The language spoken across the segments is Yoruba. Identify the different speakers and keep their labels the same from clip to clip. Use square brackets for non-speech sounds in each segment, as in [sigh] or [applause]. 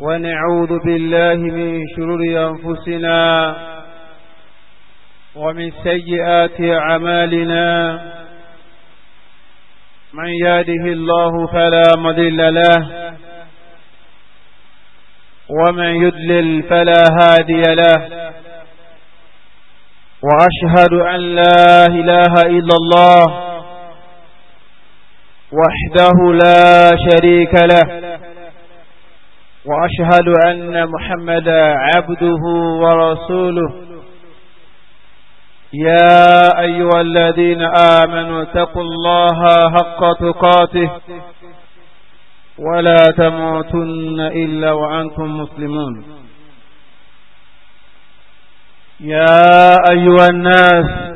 Speaker 1: ونعوذ بالله من شرور أنفسنا ومن سيئات أعمالنا من ياده الله فلا مضل له ومن يدلل فلا هادي له وأشهد أن لا إله إلا الله وحده لا شريك له وأشهد أن محمد عبده ورسوله يا أيها الذين آمنوا اتقوا الله حق تقاته ولا تموتن إلا وأنتم مسلمون يا أيها الناس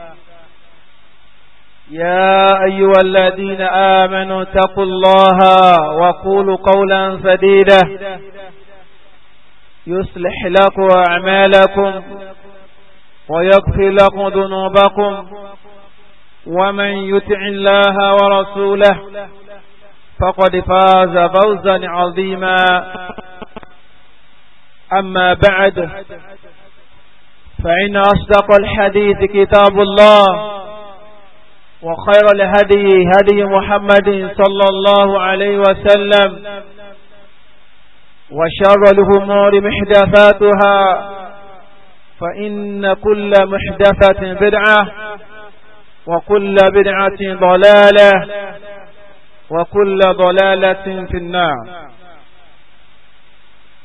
Speaker 1: يا أيها الذين آمنوا اتقوا الله وقولوا قولا سديدا يصلح لكم أعمالكم ويغفر لكم ذنوبكم ومن يتع الله ورسوله فقد فاز فوزا عظيما أما بعد فإن أصدق الحديث كتاب الله وخير الهدي هدي محمد صلى الله عليه وسلم وشر الهمور محدثاتها فإن كل محدثة بدعة وكل بدعة ضلالة وكل ضلالة في النار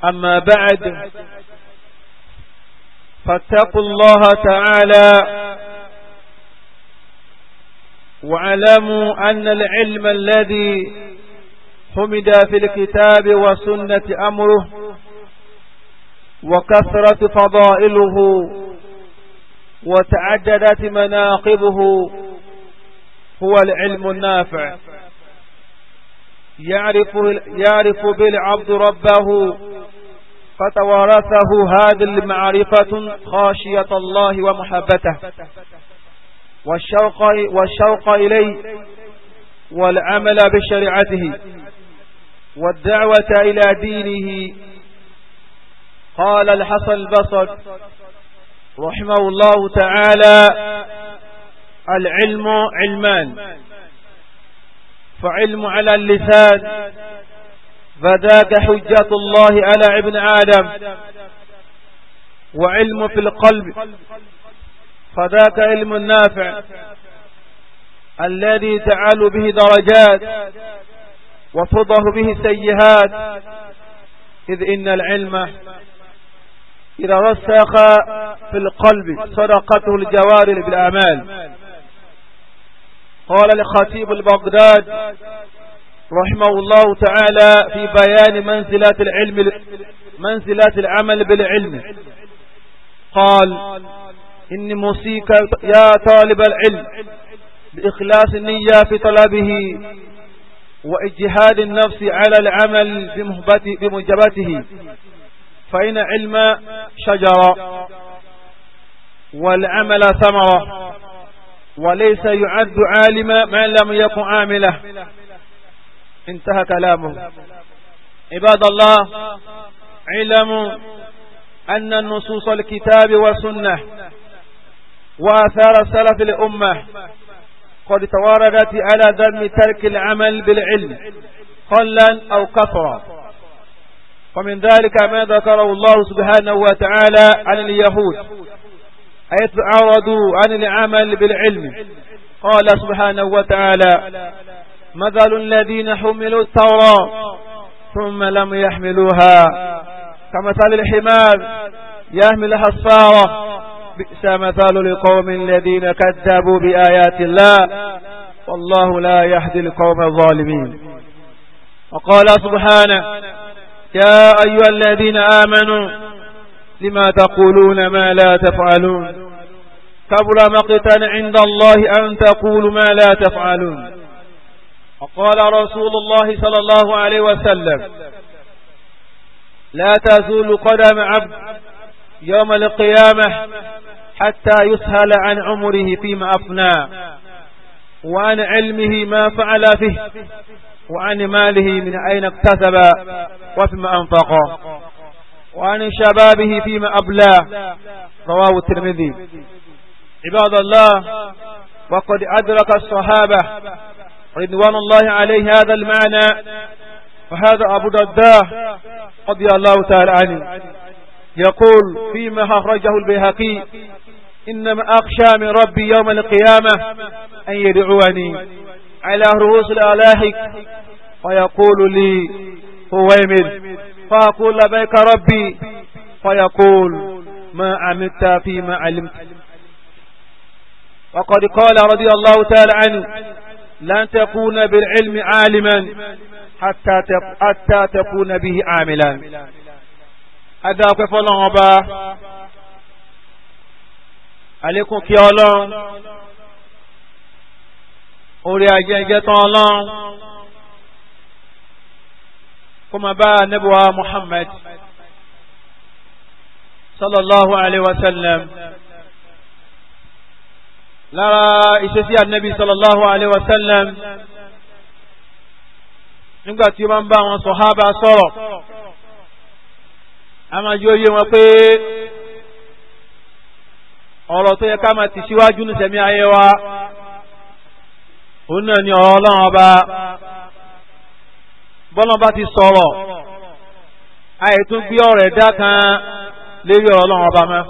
Speaker 1: أما بعد فاتقوا الله تعالى واعلموا أن العلم الذي حمد في الكتاب وسنة أمره وكثرة فضائله وتعددت مناقبه هو العلم النافع يعرف, يعرف بالعبد ربه فتورثه هذه المعرفة خاشية الله ومحبته والشوق, والشوق إليه والعمل بشريعته والدعوة إلى دينه قال الحسن البصر رحمه الله تعالى العلم علمان فعلم على اللسان فذاك حجة الله على ابن آدم وعلم في القلب فذاك علم نافع الذي تعال به درجات وفضه به سيئات إذ إن العلم إذا رسخ في القلب صدقته الجوار بالأعمال قال الخطيب البغداد رحمه الله تعالى في بيان منزلات العلم منزلات العمل بالعلم قال إني موصيك يا طالب العلم بإخلاص النية في طلبه وإجهاد النفس على العمل بمجبته فإن علم شجرة والعمل ثمرة وليس يعد عالما ما لم يكن عامله انتهى كلامه عباد الله علم أن النصوص الكتاب والسنة وآثار سلف الأمة قد تواردت على ذم ترك العمل بالعلم قلا أو كثرا ومن ذلك ما ذكره الله سبحانه وتعالى عن اليهود حيث أعرضوا عن العمل بالعلم قال سبحانه وتعالى مثل الذين حملوا التوراة ثم لم يحملوها كمثل الحمار يحمل حصارة بئس مثال لقوم الذين كذبوا بآيات الله والله لا يهدي القوم الظالمين وقال سبحانه يا أيها الذين آمنوا لما تقولون ما لا تفعلون كبر مقتا عند الله أن تقولوا ما لا تفعلون وقال رسول الله صلى الله عليه وسلم لا تزول قدم عبد يوم القيامة حتى يسهل عن عمره فيما أفنى وعن علمه ما فعل فيه وعن ماله من أين اكتسب وفيما أنفق وعن شبابه فيما أبلى
Speaker 2: رواه الترمذي
Speaker 1: عباد الله وقد أدرك الصحابة رضوان الله عليه هذا المعنى فهذا أبو درداه رضي الله تعالى عنه يقول فيما أخرجه البيهقي إنما أخشى من ربي يوم القيامة أن يدعوني على رؤوس الآلاهك فيقول لي يمد فأقول لبيك ربي فيقول ما عملت فيما علمت وقد قال رضي الله تعالى عنه لن تكون بالعلم عالما حتى تكون به عاملا هذا كفل àlékún kí ọlọ́run orí ajẹ́jẹ́ tán ọlọ́run kó máa bá nẹ́bùwá Muhammad sallallahu alaihi wasallam lára ìṣesí ànábì sallallahu alaihi wasallam nígbà tí ó máa ń bá àwọn sọ̀hábà sọ̀rọ̀ a máa jí ó wọn pé ọ̀rọ̀ tó yẹ ká máa ti síwájú ní sẹ́mi ayé wa òun náà ni ọ̀rọ̀ ọlọ́run ọba bọ́lọ́n bá ti sọ̀rọ̀ àìtún gbé ọ̀rọ̀ ẹ̀dá kan lérí ọ̀rọ̀ ọlọ́run ọba mọ́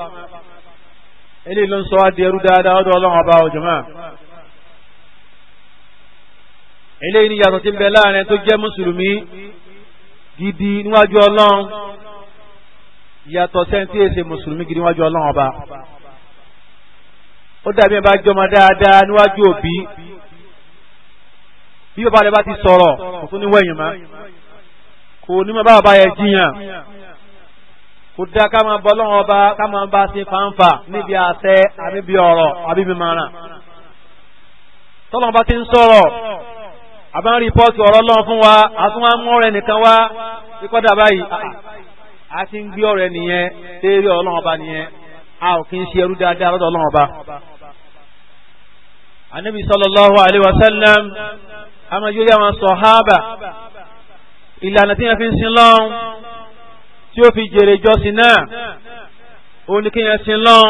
Speaker 1: eléyìí ló ń sọ wá di ẹrú dáadáa ọ̀dọ̀ ọlọ́run ọba ọ̀jọ̀mọ́ eléyìí ni yàtọ̀ tí ń bẹ láàrin tó jẹ́ mùsùlùmí gidi níwájú ọlọ́run yàtọ̀ sẹ́ńtì èsè mùsùlùmí gidi níwájú ọlọ́run ọba. ó dàbí ẹ bá jọmọ dáadáa níwájú òbí bí bàbá rẹ bá ti sọ̀rọ̀ kò tún ní wẹ̀yìn kò ní mọ́ bàbá yẹn jiyàn kò dá ká máa bọ́ lọ́wọ́ ọba ká máa bá ṣe fanfa níbi àṣẹ àbíbi ọ̀rọ̀ ti ń sọ̀rọ̀ àbá ń ọ̀rọ̀ fún wa mú ọ̀rẹ́ nìkan wá báyìí a ti ń gbé ọ̀rẹ́ nìyẹn tẹ́ẹ̀rí ọ̀rọ̀ lọ́wọ́ a ò kí ń ṣe ẹrú dáadáa lọ́dọ̀ ọlọ́wọ́ anabi sallallahu alayhi wa sallam amajori àwọn sọ̀hábà ìlànà tí wọ́n fi ń sin lọ́n tí ó fi jèrè jọ́sìn náà ó ní kí wọ́n sin lọ́n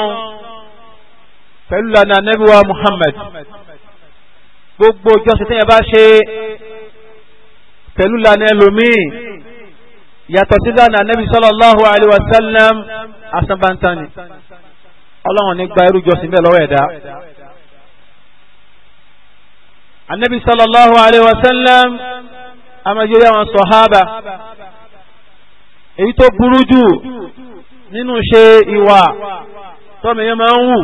Speaker 1: pẹ̀lú lànà anabi wa Muhammad gbogbo jọ́sìn tí wọ́n bá ṣe pẹ̀lú lànà ẹlòmíì yàtọ̀ sí lànà anabi sallallahu alayhi wa sallam asanbantani ọlọ́run ní gba irú jọ́sìn bẹ́ẹ̀ lọ́wọ́ ẹ̀dá anabi sallallahu alayhi wa sallam amagiri àwọn sọ̀hábà èyí tó burú jù nínú ṣe ìwà tọ́mìyàn máa ń wù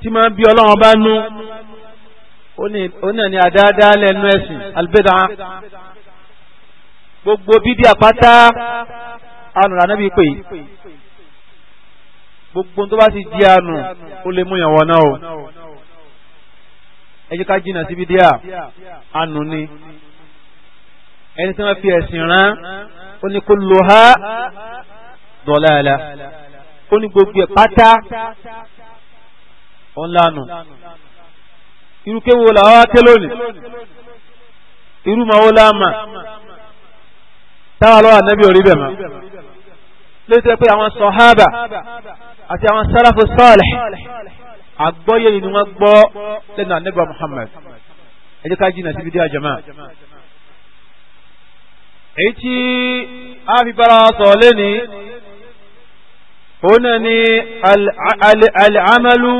Speaker 1: tí máa ń bí ọlọ́run bá nú oní ẹni àdáadáa lẹ́nu ẹ̀sìn albeda gbogbo bídí àpáta anùrà náà bí pé gbogbo tó bá ti di ànù ó lè mú yàn wọ̀ náà o ẹ jẹ́ ká jìnnà síbi díà ànú ni ẹni tí wọ́n fi ẹ̀sìn rán ó ní kó lo ha dọ̀láàlá ó ní gbogbo ẹ̀ pátá ọ̀nlànà irúkéwò làwọn wá ké lónìí irú màá ó láàmà táwa lọ́wọ́ ànábì orí bẹ̀ mọ́ lóṣù pé àwọn sọ̀hábà àti àwọn sáràfù sọ́ọ̀lẹ̀ àgbọ́yé ni wọ́n gbọ́ lẹ́nu anẹ́gbà Muhammad ẹ jẹ́ ká jìnnà síbi dé àjẹmọ́ èyí tí a fi bára sọ̀rọ̀ lẹ́ni òun náà ni al-amalu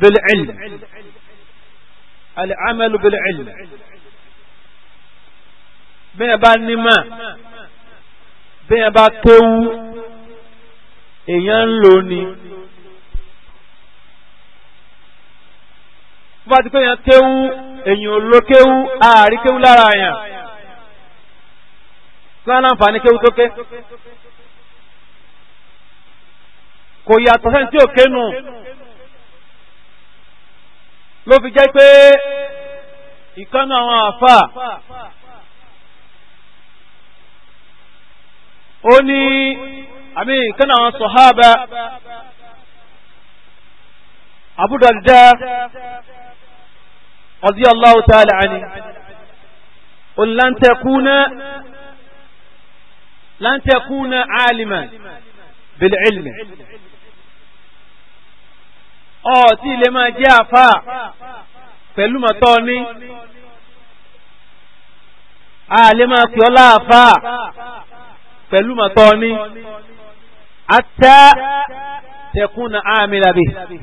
Speaker 1: bil-ilm bẹ́ẹ̀ bá nímọ̀ bẹ́ẹ̀ bá kéwú èèyàn ń lò ní. bá ti pé èèyàn kéwú èèyàn olókéwú ààrí kéwú lára àyàn lára àǹfààní kéwú tó ké kò yàtọ̀ sẹ́ni tí ò kénu ló fi jẹ́ pé ìkànnì àwọn àfà ó ní àmì ìkànnì àwọn sọ̀hábà Abu Darda رضي الله تعالى عنه قل لن تكون لن تكون عالما بالعلم او تي لما جاء فا فلما توني عالما آه، كي ولا فا فلما توني حتى تكون عامله به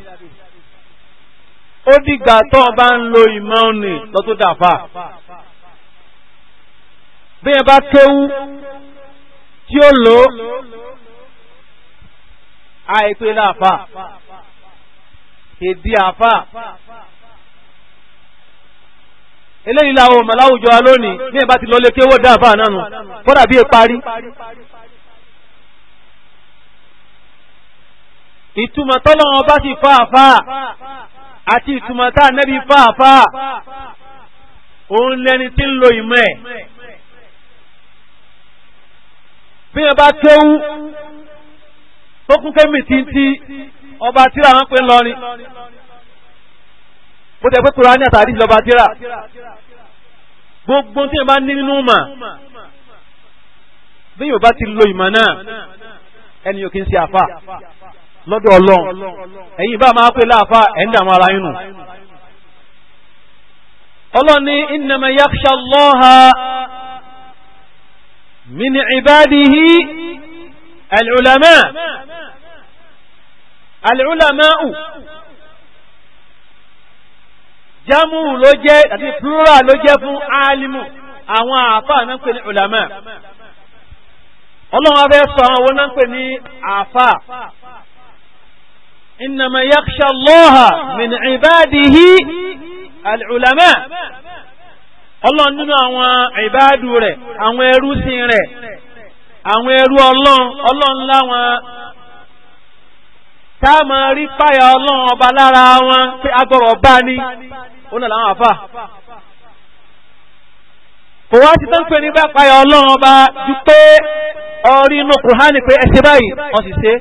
Speaker 1: ó dìgbà tó o bá ń lo ìmọ̀ òní lọ́tún dàfà bí ẹ bá kéwú tí ó lò ó àìpé láàfà èdè àfà eléyìí làwọn ọmọ láwùjọ wa lónìí ní ẹ bá ti lọlé kéwó dáàfà náà nù kódà bí e parí ìtumọ̀ tọ́lọ́wọ́n bá sì fà fà àti ìtumọ̀ tá nẹ́bí fàáfàá òun lẹni tí ń lo ìmọ̀ ẹ̀ bí wọ́n bá kéwú tó kún kémì tí ń tí ọba tíra wọn pé ńlọrin bó tẹ pé Kùránì àtàrí ìjọba tíra gbogbo tí wọ́n bá ní nínú mà bí wọ́n bá ti lo ìmọ̀ náà ẹni yóò kí ń ṣe àfà lọ́dọ̀ ọlọ́run ẹ̀yin bá máa pè láàfá ẹ̀ńdà máa ra inú ọlọ́ni innama yakhsha Allaha min ibadihi al-ulama al-ulama'u jámù ló jẹ́ àti plural ló jẹ́ fún alimu àwọn àfáà náà pè ní ulama ọlọ́run abẹ́ sọ àwọn náà pè ní àfáà إنما يخشى الله من عباده العلماء ọlọ́run nínú àwọn ìbáàdù rẹ̀ àwọn ẹrúsìn rẹ̀ àwọn ẹrú ọlọ́run ọlọ́run láwọn táàmà rí páyà ọlọ́run ọba lára wọn pé agbọ̀rọ̀ bá ní ọ̀nà làwọn ọba ju pé orí inú kùránì pé ẹ ṣe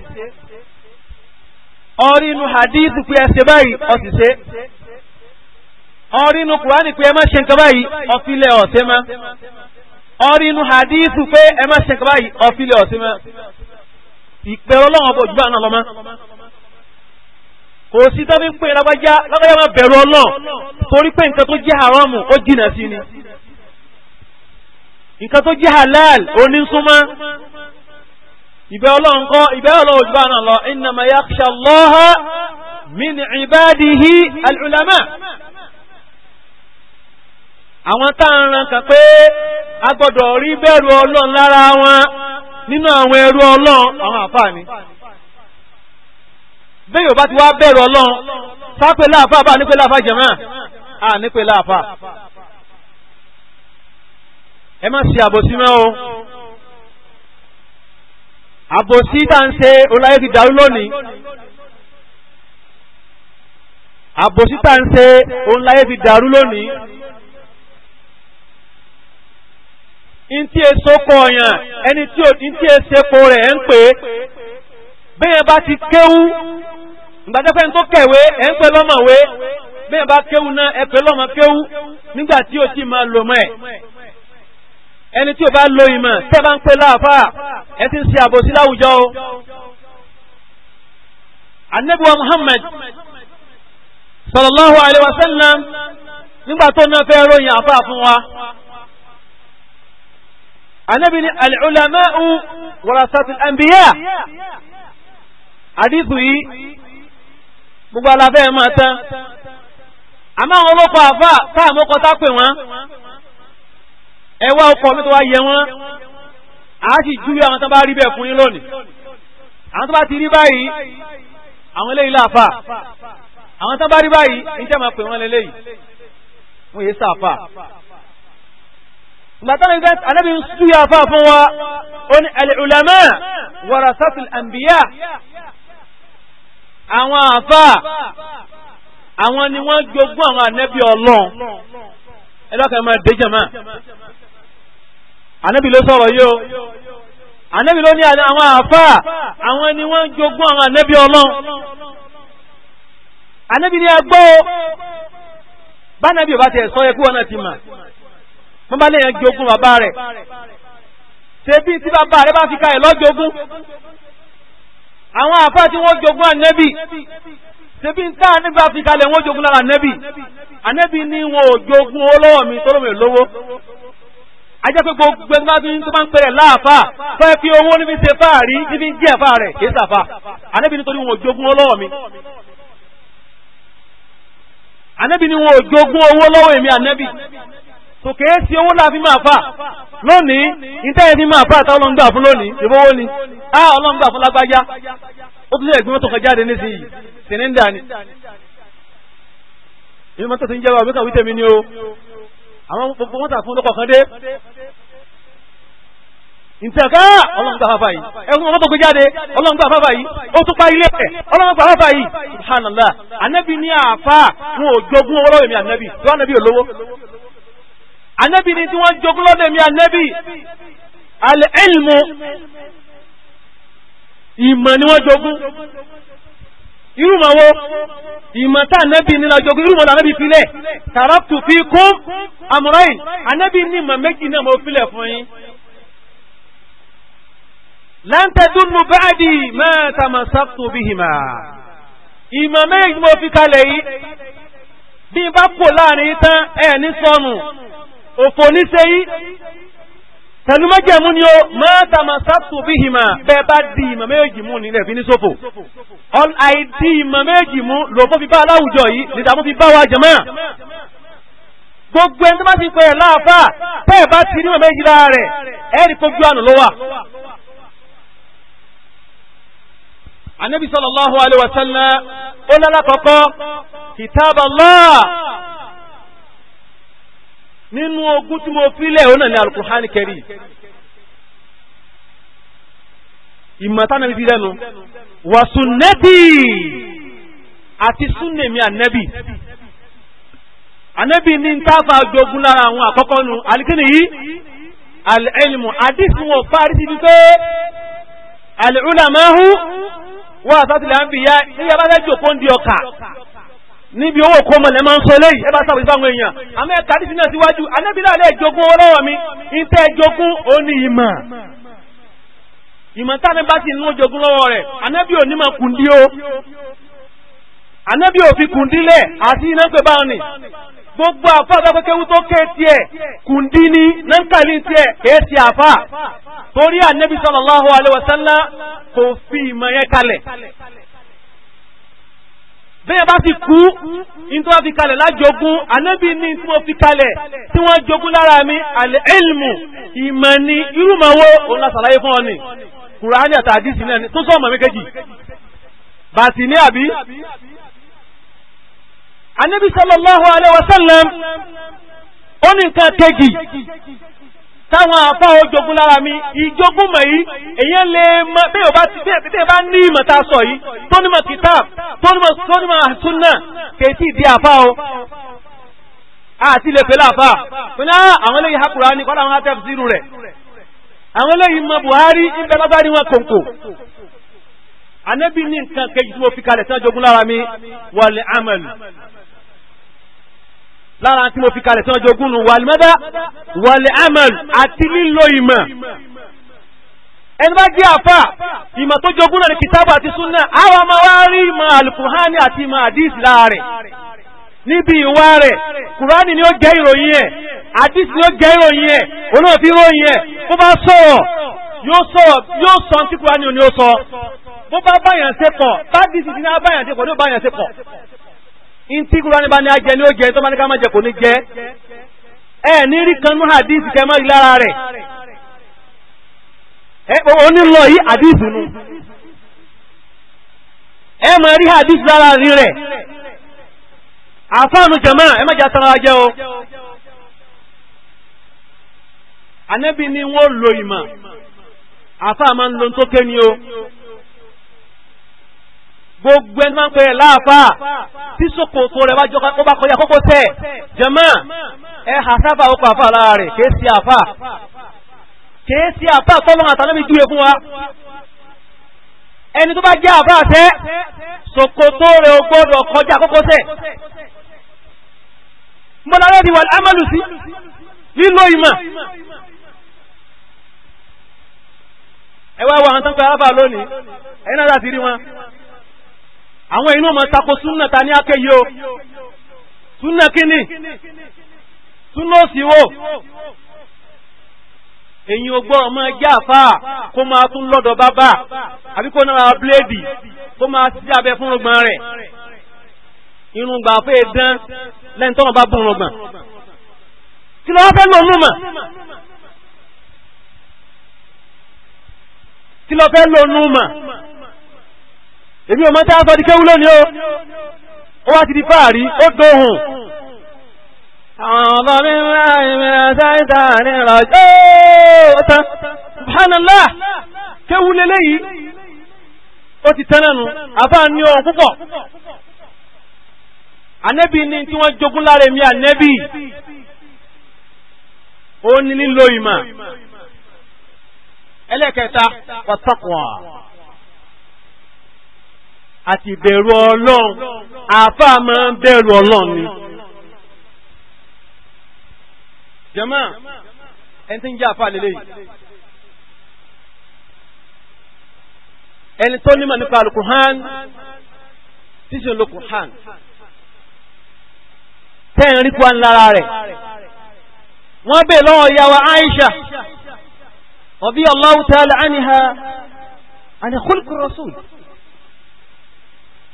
Speaker 1: ọrí inú hadith pé ẹ ṣe báyìí ó sì ṣe ọrí inú kùránì pé ẹ má ṣe nǹkan báyìí ọ̀fílẹ̀ ọ̀sẹ̀ má ọrí inú hadith pé ẹ má ṣe nǹkan báyìí ọ̀fílẹ̀ ọ̀sẹ̀ má ìpè ọlọ́run ọbọ̀ òjúbà náà lọ́mọ kò sí tọ́ fi ń pè lágbájá lágbájá máa bẹ̀rù ọlọ́run torí pé nǹkan tó jẹ́ haramu ó jìnà sí ni nǹkan tó jẹ́ halal onísúnmọ́ Ibe ọlọ́run kọ́ ìbẹ́ ọlọ́run ojú bá náà lọ innama yakhsha Allaha min ibadihi al àwọn táàrán kan pé a gbọ́dọ̀ rí bẹ̀rù ọlọ́run lára wọn nínú àwọn ẹrú ọlọ́run àwọn àfáàní bẹ́ẹ̀ yóò bá ti wá bẹ̀rù ọlọ́run sápẹ́ láàfà bá nípẹ́ láàfà jẹ̀mọ́ à nípẹ́ láàfà ẹ má o àbòsí tá ń ṣe oláyé ti dàrú lónìí àbòsí tá ń ṣe oláyé ti dàrú lónìí ntí èso kọ ọyàn ẹni tí ntí èso epo rẹ̀ ń pè é bẹ́ẹ̀ bá ti kéwú ìgbàdẹ́fẹ́ tó kẹ̀wé ẹ̀ ń pẹ́ lọ́mọ̀wé bẹ́ẹ̀ bá kéwú náà ẹ pẹ́ lọ́mọ kéwú nígbà tí o ti máa lò mọ́ ẹ̀ ẹni tí o bá lo ìmọ̀ tẹ́ bá ń pè láàfà ẹ ti ń ṣe àbòsí láwùjọ o. anabiwa Muhammad sallallahu alayhi wa sallam nígbà tó náà fẹ́ ròyìn àfà fún wa. anabi ni al-ulama'u warasatul anbiya àdìsù yìí gbogbo aláfẹ́ máa tán àmọ́ àwọn olóko àfà táà mọ́kọ́ tá pè wọ́n ẹ wá ọkọ̀ mi tó wá yẹ wọ́n a sì júwe àwọn tó bá rí bẹ́ẹ̀ fún yín lónìí àwọn tó bá ti rí báyìí àwọn eléyìí láàfà àwọn tó bá rí báyìí ní tẹ́ máa pè wọ́n lélẹ́yìí wọ́n yé sáàfà gbàtàlẹ̀ ìgbà anábì ń súyà fà fún wa ó ní al-ulama warasatul anbiya àwọn àfà àwọn ni wọ́n jogún àwọn ànábì Ọlọ́run ẹlọ́kẹ́ máa dé jẹ̀mọ́ ànábì ló sọ̀rọ̀ yìí o ànábì ló ní àwọn àáfàá àwọn ni wọ́n jogún àwọn ànábì ọlọ́run ànábì ní agbọ́ o bánábì ò bá tiẹ̀ sọ yẹ kí wọ́n náà ti mà wọ́n bá léèyàn jogún bàbá rẹ̀ ṣebí tí bàbá rẹ̀ bá fi ka ẹ̀ lọ́jogún àwọn àáfàá tí wọ́n jogún ànábì ṣebí ń tá nígbà fi kalẹ̀ wọ́n jogún lára ànábì ànábì ní wọn ò jogún olówó mi tó lómi lówó ajẹ́ pé gbogbo ẹgbẹ́ bí tó máa ń pẹ̀rẹ̀ láàfà fẹ́ fi owó níbi ṣe fà rí níbi jẹ́ ẹ̀fà rẹ̀ kì í sàfà ànábì nítorí wọn ò jogún ọlọ́wọ́ mi ànábì ni wọn ò jogún owó lọ́wọ́ èmi ànábì tò kèé sí owó láàfin máa fà lónìí ìtẹ́yẹ fi máa fà tá ọlọ́ngbà fún lónìí ìfowó ni á ọlọ́ngbà fún lágbájá ó tún lè gbé mọ́tò kan jáde nísìnyí sìnínda ni ìmọ̀tò ti ń jẹ́ wa wíkà wítẹ̀mí ni o àwọn gbogbo wọn tà fún lọ́kọ̀ kan dé ìtẹ̀ká ọlọ́ngbà afáfá yìí ẹ̀rùn ọmọ tó gbé jáde ọlọ́ngbà afáfá yìí ó tún pa ilé ẹ̀ ọlọ́ngbà afáfá yìí subhanallah anabi ní àfá wọn ò jogún owó lọ́wọ́ anabi tó anabi olówó anabi ni tí wọ́n jogún lọ́dọ̀ èmi anabi al-ilmu ìmọ̀ ni wọ́n jogún irúmọ̀ wo ìmọ̀ta ànábì nínú ọjọ́ ogun irúmọ̀ lànábì filẹ̀ tààràtù fi kún àmúráyìn ànábì ní ìmọ̀ méjì náà mo filẹ̀ fún yín. láǹtẹ̀dúnnù báàdì máa tàmásàtò bíhìmà ìmọ̀ méjì mo fi kalẹ̀ yìí bí bá pò láàrin tán ẹ̀ ní sọnù òfò níṣẹ́ pẹ̀lú mẹ́jẹ̀mú ni ó mọ́ta ma sáàtù bí ìmọ̀ bẹ́ẹ̀ bá di ìmọ̀ méjì mú nílẹ̀ fi ní sófò àìdí ìmọ̀ méjì mú lòfó fi bá aláwùjọ yìí nìdàmú fi bá wa jẹ̀mọ́ gbogbo ẹni tó bá ti pẹ̀ láàfà bẹ́ẹ̀ bá ti nímọ̀ méjì lára rẹ̀ ẹ̀rì fojú ànà ló wà. Ànábì sallallahu alaihi wa sallam ó lálàkọ́kọ́ kitaballah nínú ogún tí mo filẹ̀ òun náà ni alukuhani kẹrì ìmọ̀tánà bíbí lẹ́nu wàsùnẹ́bì àti súnnèmí ànẹ́bì ànẹ́bì ní táfà jogun lára àwọn àkọ́kọ́ nu alikini yìí alẹ́lìmù àdìsí wọn parí ti dúpẹ́ alẹ́lùlámẹ́hù wọ́n àtàtìlẹ̀ àbíyá ní yàrá lẹ́jọ́ kó ń di ọkà níbi owó kó mọ̀lẹ́ máa ń sọ léyìí ẹ bá sábà ìbáwọn èèyàn àmọ́ ẹ̀ka àdìsí náà síwájú anábìlẹ̀ alẹ́ ìjogún owó lọ́wọ́ mi ìtẹ́ ìjogún ó ní ìmọ̀ ìmọ̀ tá ní bá sì ń jogún lọ́wọ́ rẹ̀ anábì ò ní máa kùn dí o anábì ò fi kùn dílẹ̀ àti iná pé báwọn ni gbogbo àfa àtàkọ́kẹ́wú tó ké tiẹ̀ kùn dí ní tiẹ̀ èé ti àfa torí anábì sallallahu alaihi wasallam kò fi ìmọ̀ yẹn kalẹ̀ bẹ́ẹ̀ bá ti kú in tó wá fi kalẹ̀ lájogún anábì ní tí mo fi kalẹ̀ tí wọ́n jogún lára mi alẹ́ ilmu ìmọ̀ ni irúmọ̀wó òun la ṣàlàyé fún ọ ni kùránì àti àdìsí náà tó sọ mi kejì bàtì ní àbí anábì sallallahu alaihi wasallam ó ní nǹkan kejì táwọn afá ojogun lára mi ìjogun mọ̀ yìí èyàn lè mọ bí ọba ti bí ẹ̀kẹ́tẹ́ bá ní ìmọ̀ ta sọ yìí tó nímọ̀ kitab tó nímọ̀ tó nímọ̀ àtúnà kèétí ìdí afá o àti lè pẹ̀lú afá pẹ̀lú àwọn eléyìí ha Kùránì kọ́lá àwọn atẹ́f sírù rẹ̀ àwọn eléyìí mọ Buhari ń bẹ lágbárí wọn kòǹkò Ànábì ní nǹkan kejì tí mo fi kalẹ̀ tí wọ́n lára mi wal amal lára tí mo fi kalẹ̀ tán jogún nù wàlímọ́dá wàlẹ̀ amal àti lílo ìmọ̀ ẹni bá jẹ́ àfà ìmọ̀ tó jogún náà ní kìtàbù àti súnà àwọn ọmọ wa rí ìmọ̀ alukuhani àti ìmọ̀ àdìs láàrẹ̀ níbi ìwà rẹ̀ kùránì ni ó jẹ́ ìròyìn ẹ̀ àdìs ni ó jẹ́ ìròyìn ẹ̀ olóòfin ìròyìn ẹ̀ bó bá sọ̀rọ̀ yóò sọ̀rọ̀ yóò sọ tí kùránì ò ní ó sọ bó bá báyàn ṣe pọ̀ bá dìs ntí kúránì bá ní ajẹ ni ó jẹ tó bá jẹ kò ní jẹ ẹ ní rí kanú hadith kẹ mọ́ lára lara ẹ onílọ yìí hadith nu ẹ mọ̀ rí hadith lára rí rẹ̀ àfáànù jẹ̀mọ́ ẹ má o ni lo àfáà máa ń lo ni o. gbogbo ẹni máa ń pẹ́ láàfà tí sókòtò rẹ̀ wájọ́ kó bá kọjá kókó tẹ̀ jẹ́mọ́ ẹ hà sábà ó pàfà lára rẹ̀ kìí sí àfà kìí sí àfà tọ́lọ́ àtàlẹ́mí dúre fún wa ẹni tó bá jẹ́ àfà tẹ́ sókòtò rẹ̀ ó gbọ́dọ̀ kọjá kókó tẹ̀ mọ́lá rẹ̀ ni wà lámàlù sí lílo ìmọ̀ ẹ wá wọ àwọn tán pé àfà lónìí ẹ̀yin náà láti rí wọn àwọn inú ọmọ tako súnà ta ní akéyí o súnà kíní súnà òsìwò èyí ogbọ́ ọmọ ẹgbẹ́ àfá kó máa tún lọ́dọ̀ bàbá àbí kó náà bléèdì kó máa sí abẹ fún rọgbọ̀n rẹ̀ irun gbà fẹ́ dán lẹ́yìn tọ́nà bá bùn rọgbọ̀n kí ló wá fẹ́ lò nù mọ̀ kí ló fẹ́ lò nù mọ̀ èmi ọmọ tá a sọ di kéwú lónìí o ó wá ti di fáàrí ó gbóhùn. àwọn ọmọ mi máa ń rìn sáyẹ́ntà ní ìrọ̀jọ́ tán subhanallah kéwú lélẹ́yìí ó ti tán nánu àbá ní ohun púpọ̀ ànẹ́bí ni tí wọ́n jogún lára mi ànẹ́bí ó ní lílo ìmọ̀ ẹlẹ́kẹta pàtàkùn àti ìbẹ̀rù ọlọ́run àfà máa ń bẹ̀rù ọlọ́run ni. jẹ́mọ́ ẹni tí ń jẹ́ àfà lélẹ́yìn ẹni tó nímọ̀ nípa alukuhan tíṣe olùkuhan rí lára rẹ̀ wọ́n bè lọ́wọ́ ìyàwó Aisha radiyallahu ta'ala anha ana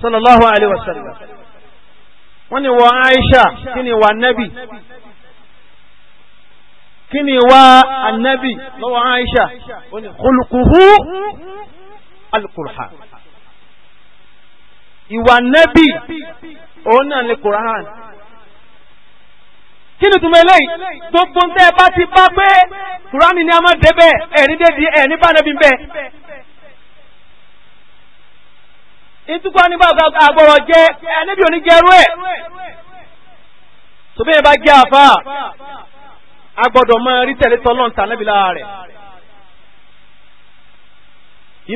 Speaker 1: sallallahu alaihi wasallam wọ́n ní wọ Aisha kí ni wà nẹ́bì kí ni wà anẹ́bì lọ́wọ́ Aisha wọ́n ní kulukuhu alukurhan ìwà nẹ́bì òun náà ní kurhan kí ni túnmọ̀ gbogbo ń bá ti bá pé kurani ni a máa débẹ̀ ẹ̀ ní bá nẹ́bì bẹ́ẹ̀ ìtukọ́ nígbà agbọ́rọ̀ agbọrọ ẹnẹ́bí òní jẹ́rú ẹ̀ tó bẹ́ẹ̀ bá jẹ́ afa agbọdọ mọ́ rí tẹ̀lé tọ́lọ́ǹtà nẹ́bí lára rẹ̀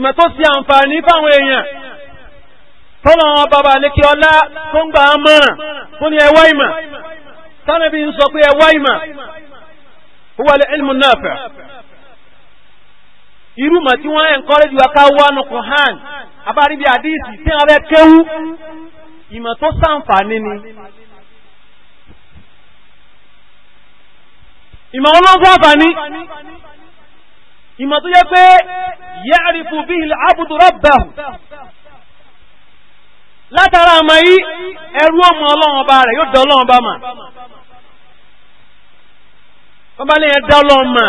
Speaker 1: ma àǹfààní fáwọn èèyàn tọ́lọ̀ wọn bàbá lékè ọlá tó ń gbà á mọ̀ràn tó ní ẹwà ìmọ̀ tánàbí ń sọ pé ìmọ̀ ó wà lẹ́ irú wa ká Abari bí àdíìsì tí wọ́n fẹ́ kéwú ìmọ̀ tó sàǹfààní ni ìmọ̀ olóńgbò àǹfààní ìmọ̀ tó yẹ pé ya'rifu bihi al-'abdu rabbahu látara àmọ́ yí
Speaker 2: ẹrú ọmọ ọlọ́run ọba rẹ̀ yóò dán ọlọ́run ọba mà
Speaker 1: ọba lẹ́yìn dán ọlọ́run mà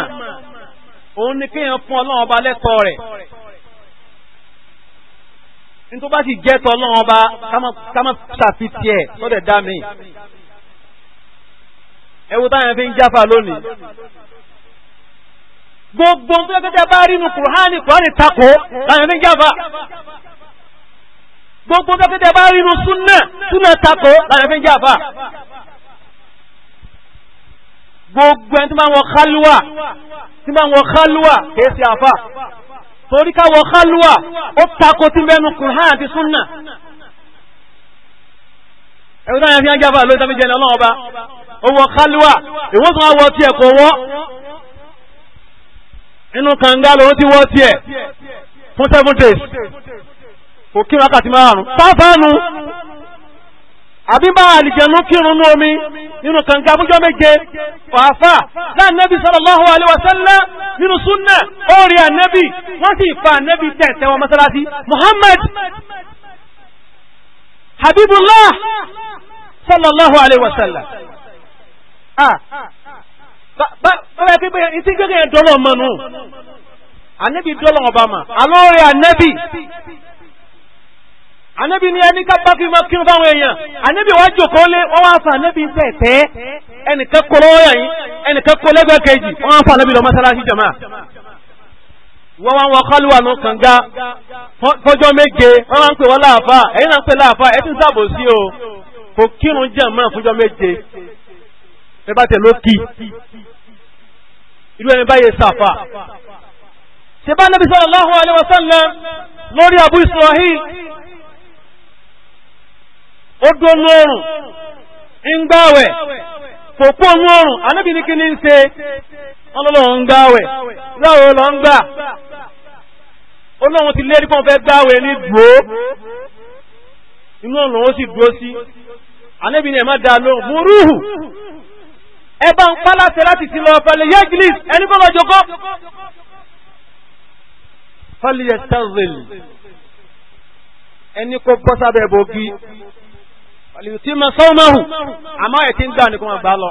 Speaker 1: òun ni kéèyàn fún ọlọ́run ọba lẹ́tọ̀ọ́ rẹ̀ nítorí bá sì jẹ́ tọ́lọ́run ọba ká má ṣàfitì ẹ̀ sọ́dẹ̀ dá mi. ẹ wo táwọn fi ń jáfa lónìí. gbogbo tó yẹ kó tẹ bá rí nu kùránì kùránì takò táwọn fi ń jáfa. gbogbo tó yẹ kó bá rí nu súnà súnà takò táwọn fi ń jáfa. gbogbo ẹni tí máa ń wọ kálúwà tí máa ń wọ kálúwà kèé sí àfà torí káwọ kálúwà ó tako tí mẹ́nu kùrán àti súnnà ẹ̀rọ náà fi ń jábà lórí tàbí jẹ́ ọlọ́wọ́ bá ó wọ kálúwà ìwọ́n tó wọ́ tí ẹ̀ kò wọ́ inú kànga lòun ti wọ́ tí fún seven days kò kí wákàtí márùn-ún àbí bá àlìjẹ̀nú kírun ní omi nínú kànga fúnjọ́ méje fàáfà láàrínẹ́bí sallallahu alaihi wasallam nínú súnnà orí ànẹ́bí wọ́n sì fa ànẹ́bí tẹ̀tẹ̀ wọn mọ́sálásí Muhammad Habibullah sallallahu alaihi wasallam bára pípẹ́ ìtí gbẹ́gbẹ́ dọ́lọ̀ mọ́nu ànẹ́bí dọ́lọ̀ ọba mà alóore ànẹ́bí anabi ni ẹni ká bákí máa kírun fáwọn èèyàn anabi wá jòkó lé wọn wá fa anabi tẹ̀tẹ́ ẹnìkan kó lọ́wọ́ yẹn ẹnìkan kó lẹ́gbẹ̀ẹ́ kejì wọn wá fa anabi lọ mọ́sálásí jama wọ́n wá ń wọ kálùwà ní kànga fọ́jọ́ méje wọ́n máa ń pè wọ́n láàfà ẹ̀yin náà ń pè láàfà ẹ̀ tí ń sàbò sí o kò kírun jama fọ́jọ́ méje ẹ bá tẹ̀ ló kì irú ẹni báyìí sàfà ṣe bá anabi sallallahu alaihi wasallam lórí Abu Israhil ó dónú oòrùn ń gbáwẹ̀ kò pọ̀ ń oòrùn anábì ní kí ní ń ṣe
Speaker 2: ọlọ́lọ́run ń gbáwẹ̀ láwọn lọ ń gbà
Speaker 1: olóhun ti lérí kan fẹ́ gbáwẹ̀ ní dúró inú ọ̀nà ó sì dúró sí anábì ní ẹ̀ má dáa lóhùn múrúhù ẹ bá ń pálásẹ láti ti lọ falẹ̀ yẹ́gìlìs ẹni kọ́ lọ́jọ́ kọ́ falẹ̀ yẹ ẹni kó bọ́ sábẹ́ ọ̀lẹ́yìntì máa sọ́ọ́mọ́hù àmọ́ ẹ̀ tí ń gbà ní kó bá lọ.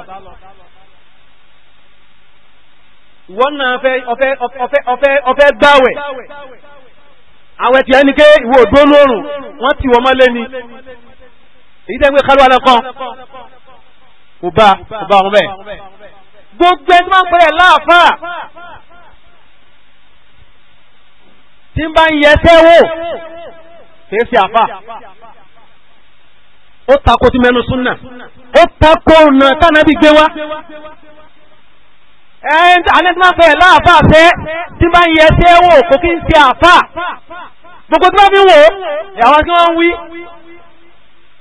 Speaker 1: ìwọ́n náà ọ̀fẹ́ gbáwẹ̀ àwẹ̀ tí ẹni ké ìwò òdó lóòrùn wọ́n ti wọ́n mọ́lé ni èyí tẹ́ ń gbé kálú alẹ́ kan kò bá kò bá wọn bẹ́ẹ̀. gbogbo ẹni máa ń pẹ́ láàfáà tí ń bá ń yẹ sẹ́wò kì í ṣe àfáà ó tako ti mẹ́nu súnà ó tako ọ̀nà tánàbí gbé wá ẹ̀ẹ́n anẹ́sìmáfẹ́ láàfáà fẹ́ tí bá ń yẹ sí ẹ̀wọ̀ kò kí ń ṣe àfáà gbogbo tí wọ́n fi wò ó àwọn tí wọ́n ń wí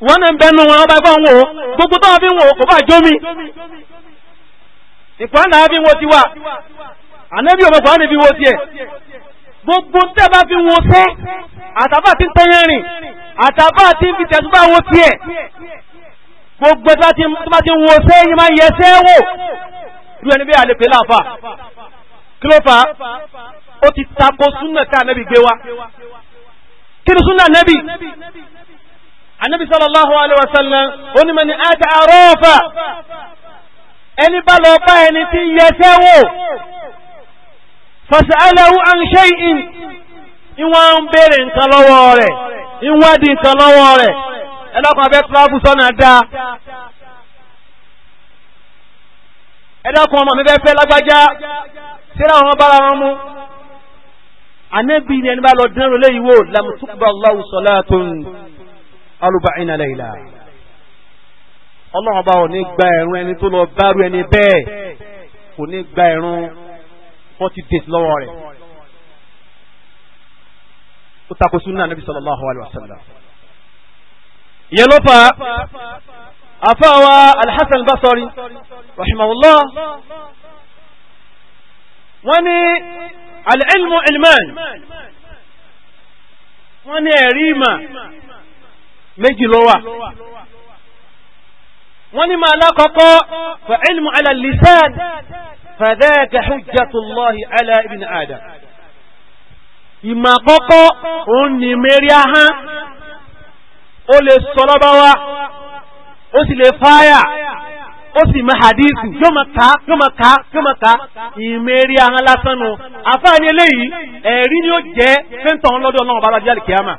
Speaker 1: wọ́n náà ń bẹnu wọn bá gbọ́n wò ó gbogbo tí wọ́n fi wò ó kò bá jómi ìpọ́n náà fi wo tiwa ànẹ́bí òmùkọ́ ni fi wo tiẹ̀ gbogbo tẹ́ bá fi wo sẹ́ àtàbà tí ń tẹ́yẹ́ rìn àtàbà tí ń fi tẹ̀sùbà wo tiẹ̀ gbogbo tí bá ti wo sẹ́ yìí máa yẹ sẹ́ wò irú ẹni bí àlepè láàfà kí ló fà á ó ti tako súnà tá ànábì gbé wa kí ni súnà ànábì ànábì sallallahu alaihi wasallam ó ní mẹ́ni àti àrọ́ọ̀fà ẹni bá lọ bá ẹni tí ń yẹ sẹ́ wò. fasalahu an shay'in ìwọ́n ń béèrè nǹkan lọ́wọ́ rẹ̀ ìwádìí nǹkan lọ́wọ́ rẹ̀ ẹlọ́kàn abẹ́ tíráàbù sọ́nà dáa ẹlọ́kàn ọmọ mi bẹ́ẹ̀ fẹ́ lágbájá síra wọn bára wọn mú anẹ́bí ni ẹni bá lọ dínrò léyìí wò lamutukba Allahu salatu. Aluba ina layla ọlọ́run bá wọn ní gba ẹ̀rún ẹni tó lọ bá rú ẹni bẹẹ, kò ní gba ẹ̀rún forty days lọ́wọ́ rẹ̀ ó tako sunna nabi sallallahu alayhi wa sallam ìyẹn ló fa àfáwa alhassan basori rahimahullah wọ́n ní al'ilmu ilman wọ́n ní ẹ̀rí ma méjì ló wà wọ́n ní ma alákọ̀ọ́kọ́ fa ilmu ala فذاك حجة الله على ابن آدم ìmọ̀ àkọ́kọ́ òun ni mẹ́rí ahán ó lè sọ́lọ́bá wá ó sì lè fáyà ó sì mọ́ hadithu yóò mọ̀ ká yóò mọ̀ ká yóò mọ̀ ká ìmẹ́rí ahán lásán nù àfáàní eléyìí ẹ̀rí ni ó jẹ́ fẹ́ntàn lọ́dọ̀ ọlọ́run bàbá jíjá kìáma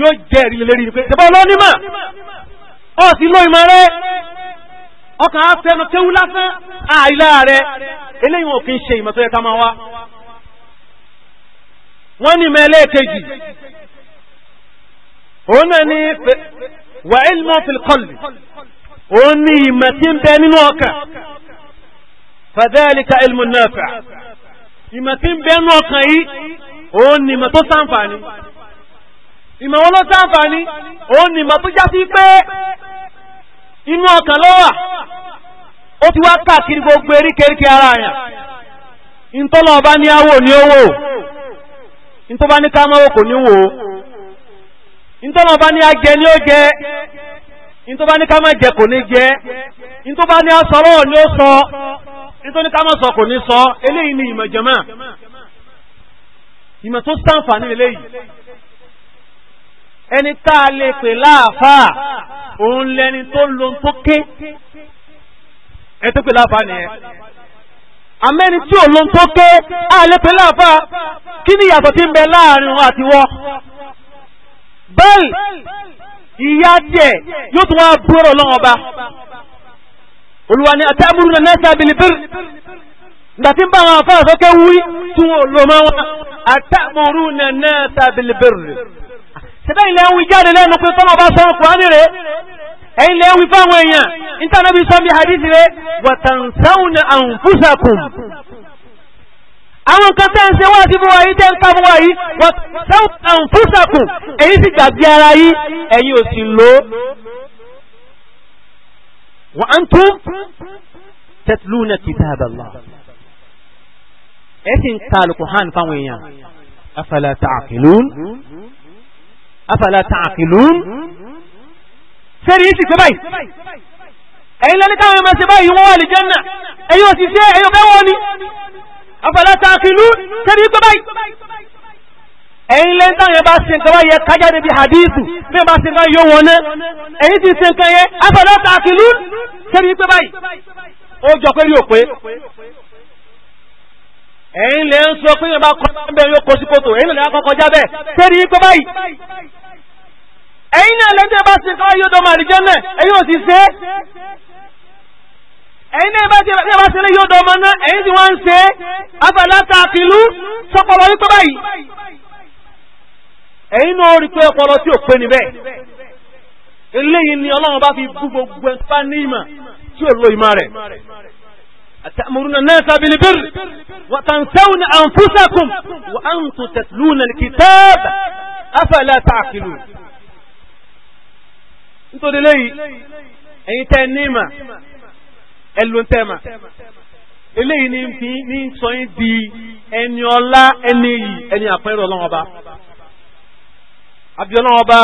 Speaker 1: yóò jẹ́ ẹ̀rí lélẹ́rí ni pé ṣẹ̀bọ́ ọlọ́nímọ̀ ó sì lóyún mọ́ rẹ̀ ọkàn afẹnu kéwú lásán àìlá rẹ eléyìí wọn kì í ṣe ìmọ̀ tó yẹ ká máa wá wọ́n ní mẹ́lẹ́ kejì òun náà ní wà ilmọ̀ fìlkọ́lì òun ní ìmọ̀ tí ń bẹ nínú ọkàn fàdẹ́ẹ̀lìkà ilmù náà ìmọ̀ tí ń bẹ nínú ọkàn yìí òun ní ìmọ̀ tó sáǹfààní ìmọ̀ wọn ló sáǹfààní òun ní ìmọ̀ tó já sí pé inú ọkàn ló ó ti wá káàkiri gbogbo eríkèríkè ara anya ntọ ọba ní awò ní owó ìtọ́ ní kò ní wò ó ọba jẹ kò ní jẹ ìtọ́ ní ní ó sọ kò ní sọ eléyìí ni ìmọ̀ jẹ̀mọ́ ìmọ̀ tó sàǹfààní eléyìí ẹni tá a lè pè láàfáà òun lẹni tó tó ké ẹ tó pè láàfà nìyẹn amẹ́ni tí òun tó ké àlẹ́ pè láàfà kí ni ìyàtọ̀ ti ń bẹ láàrin wọn àti wọ́ bẹ́ẹ̀ ìyá díẹ̀ yóò tún wá búrọ̀ lọ́wọ́ ọba olùwà ni àtàmúrú náà nẹ́sà bìlìbìrì gbàtí ń bá àwọn afẹ́ àsọ́kẹ́ wúrí tí wọ́n lò mọ́ wọn àtàmúrú náà nẹ́sà bìlìbìrì ṣẹ́bẹ́ ilẹ̀ ń wí jáde lẹ́nu pé tọ́mọ bá sọ́run ẹ̀yin lè wí fáwọn èèyàn ìtànàbí sọ́bí hadithi rẹ̀ wàtànsáwùnà àǹfúsàkùn àwọn kan tẹ́ ń ṣe wá sí fún wa yìí tẹ́ ń ká fún wa yìí wàtànsáwùnà àǹfúsàkùn èyí sì gbàgbé ara yìí ẹ̀yin ò sì lò wa sẹ́rí sì pé báyìí ẹ̀yin lẹ́ni káwọn ọmọ ṣe báyìí wọ́n wà lè jẹ́nà ẹ̀yin òsì ṣe ẹ̀yin ọ̀fẹ́ wọ́n ni afẹ́lẹ́ta kìlú sẹ́rí pé báyìí ẹ̀yin lẹ́ni táwọn bá ṣe nǹkan wáyé kájáde bí hadithu bí wọ́n bá ṣe nǹkan yóò wọ́n náà ẹ̀yin ti ṣe nǹkan yẹn afẹ́lẹ́ta kìlú sẹ́rí pé báyìí ó jọ pé rí òpé ẹ̀yin lẹ́ sọ pé yẹn kọjá bẹ́ẹ̀ yóò kó ẹ̀yin náà lẹ́tẹ̀ bá ṣe káwá yóò dọ́mọ àlìjẹ́ náà ẹ̀yin ò sì ṣe é ẹ̀yin náà bá ṣe bá ṣe lé yóò dọ́mọ náà ẹ̀yin sì wọ́n ń ṣe é afẹ́láta àkìlú sọpọlọ wípé báyìí ẹ̀yin náà rí pé ọpọlọ tí ò pé níbẹ̀ eléyìí ni ọlọ́run bá fi bú gbogbo ẹ̀fá ní ìmọ̀ tí ò lo ìmọ̀ rẹ̀ أتأمرون الناس بالبر وتنسون أنفسكم وأنتم تتلون الكتاب أفلا تعقلون nítorí léyìí ẹ̀yin tẹ́ ní mà ẹlò tẹ́ mà eléyìí ní fi ní sọ yín di ẹni ọlá ẹni yìí ẹni àpẹẹrẹ ọlọ́wọ́n ọba àbí ọlọ́wọ́n ọba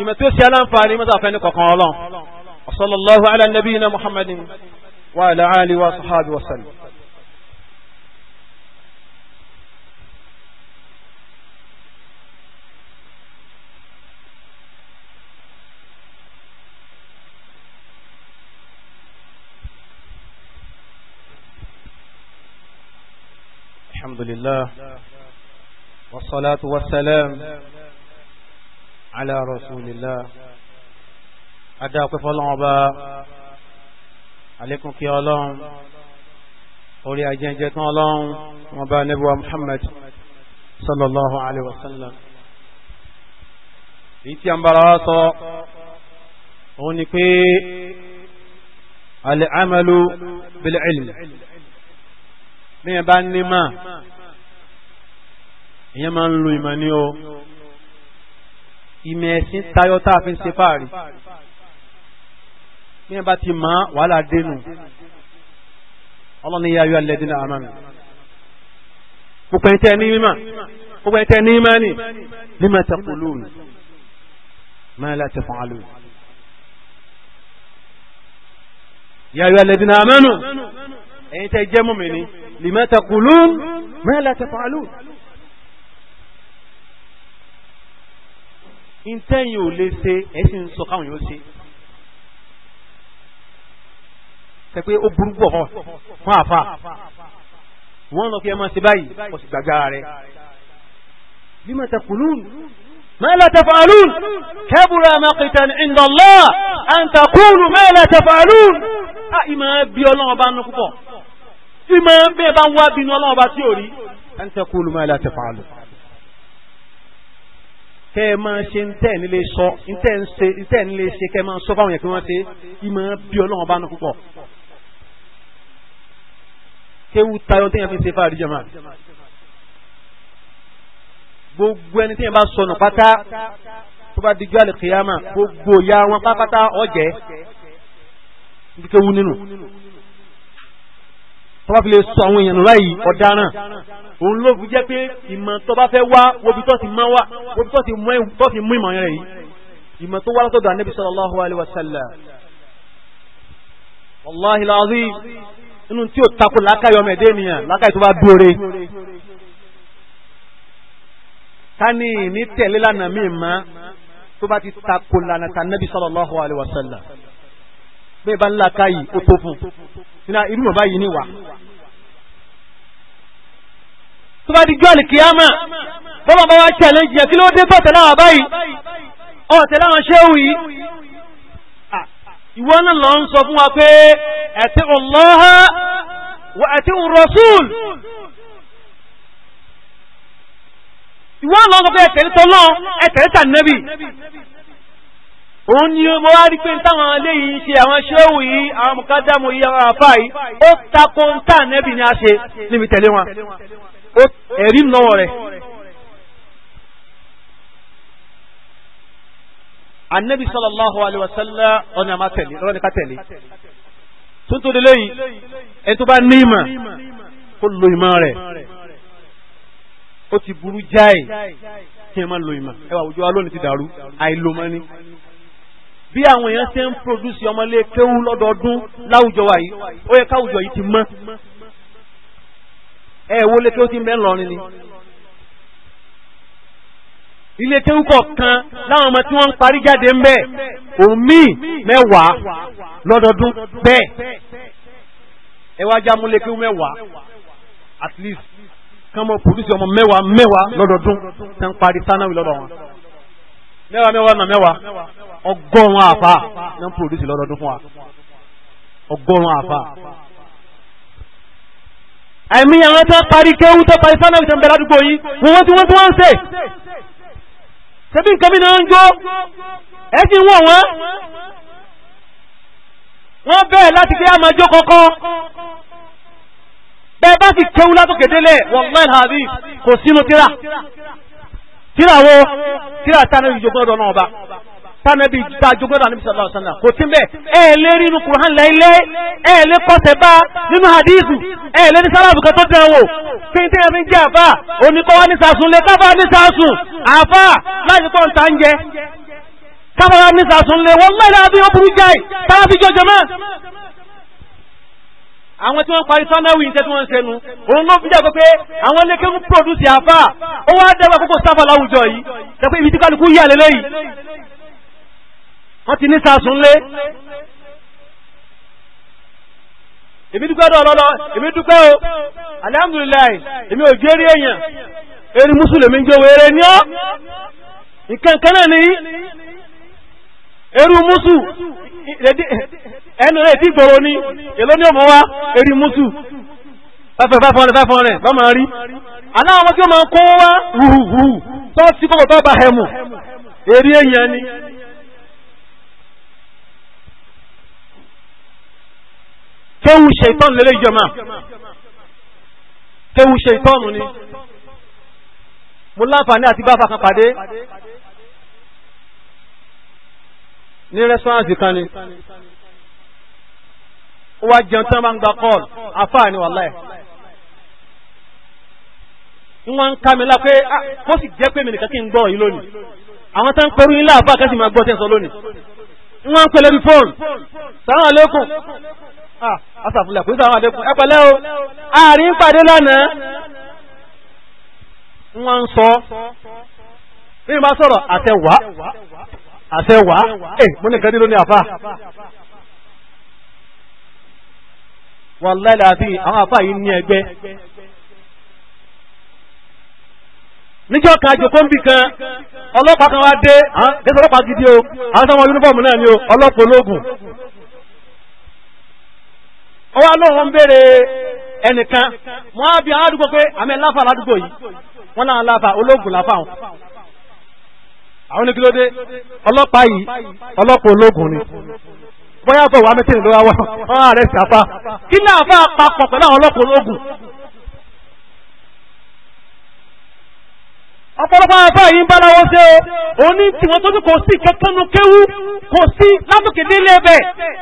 Speaker 1: ìmọ̀ tí ó ṣe aláǹfààní mọ́tò àfẹ́ni kọ̀ọ̀kan ọlọ́run sallallahu ala nabiyina muhammadin wa ala wa sahbihi wa sallam. الحمد لله والصلاة والسلام
Speaker 2: على رسول الله
Speaker 1: أداك فالعبا عليكم في الله قولي أجنجة الله وبا نبوى محمد صلى الله عليه وسلم ìtí àmbàrà sọ العمل بالعلم lẹ́yìn bá ní mà èyàn máa ń lo ìmọ̀ ní o ìmọ̀ ẹ̀sìn tayọ tá a fi ń ṣe fáàrí lẹ́yìn bá ti mọ̀ wàhálà dénú ọlọ́ni yá yọ alladina amanu gbogbo ẹ̀ tẹ́ ní mímọ̀
Speaker 2: gbogbo ẹ̀ tẹ́ ní mímọ̀ ni lima taqulun
Speaker 1: ma la taf'alun. yá yọ alladina amanu ẹ̀yin tẹ́ jẹ́ mọ̀mí ni. لما تقولون ما لا تفعلون ìtẹ́yìn ò لسي ṣe ẹ̀sìn يوسي sọ káwọn yóò ṣe tẹ pé ó burú pọ̀ fún àfa wọ́n lọ fi ẹ máa báyìí ó sì gbàgbára rẹ̀ lima taqulun ما لا تفعلون كبر مقتا عند الله أن تقولوا ما لا تفعلون أئما بيولون بانكم tí mo bẹ́ẹ̀ bá ń wá bínú ọlọ́run bá tí ò rí. an taqulu ma la taf'alu. kẹ́ ẹ máa ṣe ntẹ́ nílé sọ ntẹ́ ń ṣe ntẹ́ nílé ṣe kẹ́ ẹ máa sọ fáwọn yẹn kí wọ́n ṣe ìmọ̀ bí ọlọ́run bá nù púpọ̀. kéwu tayọ téèyàn fi ṣe fáàrí jàmá. gbogbo ẹni téèyàn bá sọnù pátá tó bá dijú àlè kìyàmà gbogbo ìyá wọn pápátá ọ̀jẹ̀ kéwu nínú tọ́ba fi lè sọ àwọn èèyàn lọ́la yìí ọ̀daràn òun ló fi jẹ́ pé ìmọ̀ tọ́ba fẹ́ wá wobi tó ti mọ́ wá wobi tó ti mú ìmọ̀ rẹ̀ yìí ìmọ̀ tó wá látọ̀dọ̀ ànábì sallallahu alaihi wasallam wàláhi láàzí inú tí ó takò lákàyọ mẹ́dé ènìyàn lákàyè tó bá dúore ká ní tẹ̀lé lánàá mi mọ́ tó bá ti takò lánàá tànábì sallallahu alaihi wasallam bẹ́ẹ̀ bá ńlá káyì ó tó fún nínú irúmọ̀ báyìí níwà tó bá di gọ́ọ̀lì kìámà bọ́bá bá wá challenge yẹn kí ló dé tọ́ tẹ̀lé àwọn báyìí ọ̀ tẹ̀lé àwọn ṣéwù yìí ìwọ náà lọ ń sọ fún wa pé ẹ̀tí ọlọ́ha wà ẹ̀tí rọ̀súùl ìwọ náà lọ sọ pé ẹ̀tẹ̀lé tọ́lọ́ ẹ̀tẹ̀lé tà nẹ́bì òun ni mo wá rí pé táwọn eléyìí ṣe àwọn ṣéwù yìí àwọn mùkádàmù yìí àwọn àfà ó tako ń tà nẹ́bì ni a ṣe níbi tẹ̀lé wọn ẹ̀rí lọ́wọ́ rẹ̀. anabi sallallahu alayhi wa sallam ọ̀nà àmà tẹ̀lé lọ́wọ́ ni ká tẹ̀lé tuntun lẹ́yìn ẹni tó bá ní ìmọ̀ kó lo ìmọ̀ rẹ̀ ó ti burú jáì kí ẹ má lo ìmọ̀ ẹ wà àwùjọ wa ti dàrú àìlòmọ́ ni bí àwọn èèyàn ṣe ń produce ọmọlé kéwú lọ́dọọdún láwùjọ wa yìí ó yẹ káwùjọ yìí ti mọ́ ẹ wo lé kéwú ti ń bẹ ni ilé kéwú kọ̀ọ̀kan láwọn ọmọ tí wọ́n ń parí jáde ń bẹ omi mẹ́wàá
Speaker 2: lọ́dọọdún bẹ́ẹ̀
Speaker 1: ẹ wá já múlé kéwú mẹ́wàá at least kán mọ produce ọmọ mẹ́wàá mẹ́wàá lọ́dọọdún tán parí sanáwì lọ́dọ̀ wọn mẹ́wàá mẹ́wàá nà mẹ́wàá ọgọ́rùn àfa náà ń pòdúsì lọ́dọọdún fún wa ọgọ́rùn àfa. àìmí àwọn tó parí kéwú tó parí sánàbì tó ń bẹ ládùúgbò yìí wọ́n ti wọ́n tí wọ́n ń ṣe ṣebí nǹkan mi náà ń jó ẹ sì ń wọ̀ wọ́n wọ́n bẹ̀rẹ̀ láti gbé àmàjò kọ̀ọ̀kan bẹ́ẹ̀ bá sì kéwú látòkè délẹ̀ wọ́n mẹ́rin àbí kò sínú tíra tíra wo tíra tánà ìjọgbọ́n ọ̀dọ̀ náà ọba tánàbí bá jogọ́dọ̀ àníbi sọ̀rọ̀ ọ̀sán náà kò tí bẹ́ẹ̀ ẹ̀ lé nínú kùrán lẹ́lẹ́ ẹ̀ lé kọ́sẹ̀ bá nínú hadithu ẹ̀ lé ní sálábù kan tó dẹ̀ wò kí n tẹ́yẹ̀ fi jẹ́ àfà oníkọ́wá ní sàásùn lé káfà ní sàásùn àfà láti pọ̀ nta ń jẹ káfà ní sàásùn lé wọ́n mẹ́rin àbí wọ́n burú jáì tára fi jọjọ mọ́. àwọn tí wọ́n parí sánáwì iṣẹ́ tí wọ́n ń ṣe nu òun ló fi jẹ́ pé àwọn lékè ń pòdùsì àfà ó wá dẹ́gbà kókó sáfà láwùjọ yìí dẹ́pẹ́ ibi tí kálukú yà lélẹ́yìí wọ́n ti ní sàásùn lé èmi dúpẹ́ lọ́lọ́lọ́ èmi dúpẹ́ o alhamdulilayi èmi ò jẹ́ rí èèyàn eré mùsùlùmí jẹ́ wẹ́rẹ́ ní ọ́ ìkẹ́ǹkẹ́ náà ní eré mùsù ẹnu rẹ̀ tí gbòòrò ní èló ní ọmọ wa eré mùsù fáfẹ́ fáfọ́nrẹ́ fáfọ́nrẹ́ bá máa rí aláwọn ọmọ tí ó máa ń kó wá wùhùhù tó ti kọ́kọ́ tó bá hẹ̀mù eré èèyàn ni tẹ́wù ṣètọ́nù lélẹ́ ìjọba tẹ́wù ṣètọ́nù ni mo láǹfààní àti bá kan pàdé ní rẹ́sọ́ránsì kan ni ó wá jẹun tán máa ń gba kọ́ọ̀lù àfáà ni wàláì wọ́n ń ká mi lá pé kó ah, sì jẹ́ pé mi nìkan kí n gbọ́ yìí lónìí àwọn tán pẹ̀lú ilé àbá kẹ́sì máa gbọ́ tẹ́sán lónìí wọ́n ń pẹ̀lẹ́ fóònù sàrán Ah, asàfúnlẹ̀ kò sáwọn ẹpẹlẹ́ o ààrin pàdé lánàá wọ́n ń sọ bí ma sọ̀rọ̀ àtẹwà àtẹwà ẹ eh, mo nìkan nílò ní àfà wàláì àwọn àfà yìí ní ẹgbẹ́ níjọ́ kan àjòkóńbì kan ọlọ́pàá kan wá dé àwọn ọlọ́pàá gidi o àwọn sọmọ náà ni o ọlọ́pàá wa alóhun béèrè ẹnìkan wọ́n á bí àwọn yìí wọ́n náà láfà ológun láfà wọn àwọn ọlọ́pàá yìí ọlọ́pàá ologun ni bóyá bọ̀ wà mẹ́tìrì ló wọ́n ààrẹ ọ̀pọ̀lọpọ̀ afọ afẹ́ yìí ń bára wọn ṣe o òní tí wọ́n tó ní kò sí kẹkànnú kéwú kò sí látòkè délé ẹbẹ̀